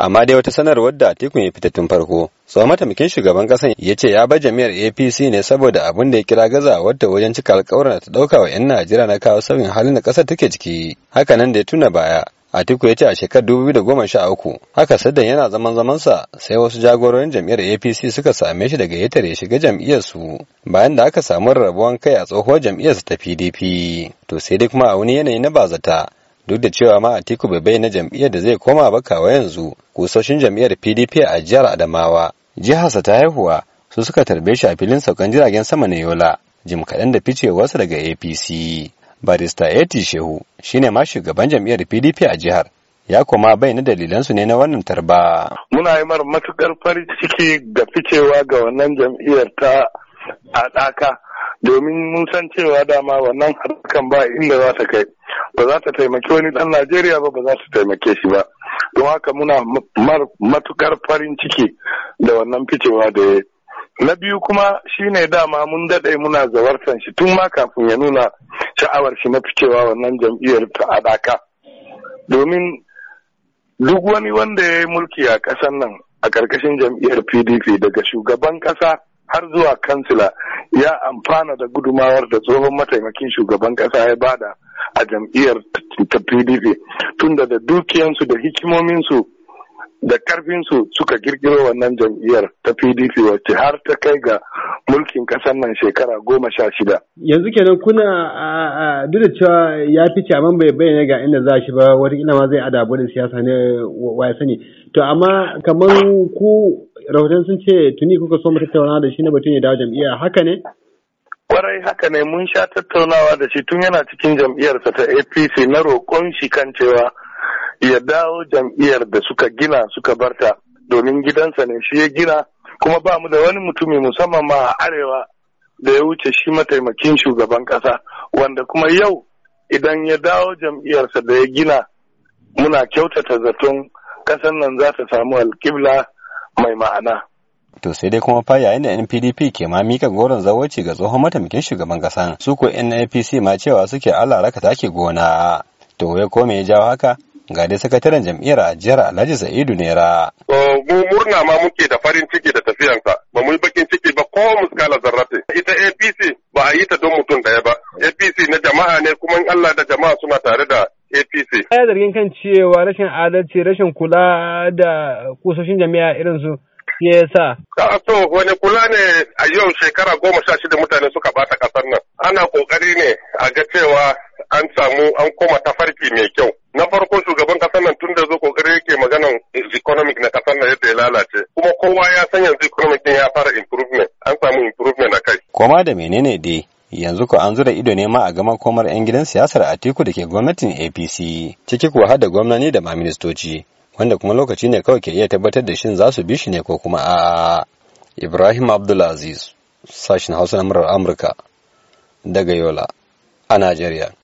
amma dai wata sanarwar da Atiku ya fita tun farko tsohon mataimakin shugaban kasan ya ce ya ba jami'ar APC ne saboda abin da ya kira gazawar ta wajen cika alkawarin da ta ɗauka wa 'yan Najeriya na kawo sauyin halin da kasar take ciki haka nan da ya tuna baya Atiku ya ce a shekarar uku haka sadan yana zaman zamansa sai wasu jagororin jam'iyyar APC suka same shi daga ya shiga jam'iyyar su bayan da aka samu rarrabuwan kai a tsohuwar su ta PDP to sai dai kuma a wani yanayi na bazata duk da cewa ma Atiku bai bayyana jam'iyyar da zai koma ba kawai yanzu kusoshin jam'iyyar PDP a jihar Adamawa jiharsa ta haihuwa su suka tarbe shi a filin saukan jiragen sama na Yola jim kaɗan da ficewarsa daga APC barista Eti Shehu shine ma shugaban jam'iyyar PDP a jihar ya koma bayyana dalilansu ne na wannan tarba. Muna yi mar matukar farin ciki ga ficewa ga wannan jam'iyyar ta a ɗaka. domin mun san cewa dama wannan harkan ba inda za ta kai ba za ta taimaki wani dan Najeriya ba ba za ta taimake shi ba don haka muna matukar farin ciki da wannan ficewa da ya na biyu kuma shine dama mun daɗe muna zawartan shi tun ma kafin ya nuna sha'awar shi na ficewa wannan jam'iyyar ta adaka domin duk wani wanda ya yi mulki a ƙasar nan a ƙarƙashin jam'iyyar pdp daga shugaban ƙasa har zuwa kansila ya amfana da gudumawar da tsohon mataimakin shugaban kasa ya bada a jam'iyyar ta pdp tunda da dukiyansu da hikimominsu da karfinsu suka girgiro wannan jam'iyyar ta pdp wacce har ta kai ga mulkin kasar nan shekara goma sha shida yanzu kenan kuna duk da cewa ya fi caman bai bayyana ga inda za shi ba ina ma zai adabu da siyasa ne wa sani to amma kamar ku rahoton sun ce tuni kuka so mu tattauna da shi na batun ya dawo jam'iyya haka ne? Kwarai haka ne mun sha tattaunawa da shi tun yana cikin jam'iyyarsa ta APC na roƙon shi kan cewa ya dawo jam'iyyar da suka gina suka barta domin gidansa ne shi ya gina kuma ba mu da wani mutumi musamman ma a arewa da ya wuce shi mataimakin shugaban ƙasa wanda kuma yau idan ya dawo jam'iyyarsa da ya gina muna kyautata zaton ƙasar nan za ta samu alƙibla mai ma'ana to sai dai kuma fa yayin da NPDP ke ma mika goron zawoci ga tsohon mataimakin shugaban kasa su ko NNPC ma cewa suke Allah raka take gona to ya ko me ya jawo haka ga dai sakataren jam'iyyar a jihar Alhaji Sa'idu Nera mu murna ma muke da farin ciki da tafiyansa ba mu yi bakin ciki ba ko muskala zarrafe. ita APC ba a yi ta don mutum daya ba APC na jama'a ne kuma in Allah da jama'a suna tare da APC. Ya zargin kan cewa rashin adalci, rashin kula da kusoshin jami'a irin su yasa. Ka wani kula ne a yau shekara goma sha shida mutane suka bata kasar nan. Ana kokari ne a ga cewa an samu an koma tafarki mai kyau. Na farko shugaban kasar nan tun da zo kokari yake maganan economic na kasar nan yadda ya lalace. Kuma kowa ya san yanzu economic din ya fara improvement. An samu improvement a kai. Koma da menene dai yanzu ko an zura ido ne ma a gama komar 'yan gidan siyasar atiku da ke gwamnatin apc ciki kuwa har da gwamnani da ma ministoci wanda kuma lokaci ne kawai ke iya tabbatar da shin za su bi shi ne ko kuma a ibrahim abdulaziz sashen hausa na murar amurka daga yola a najeriya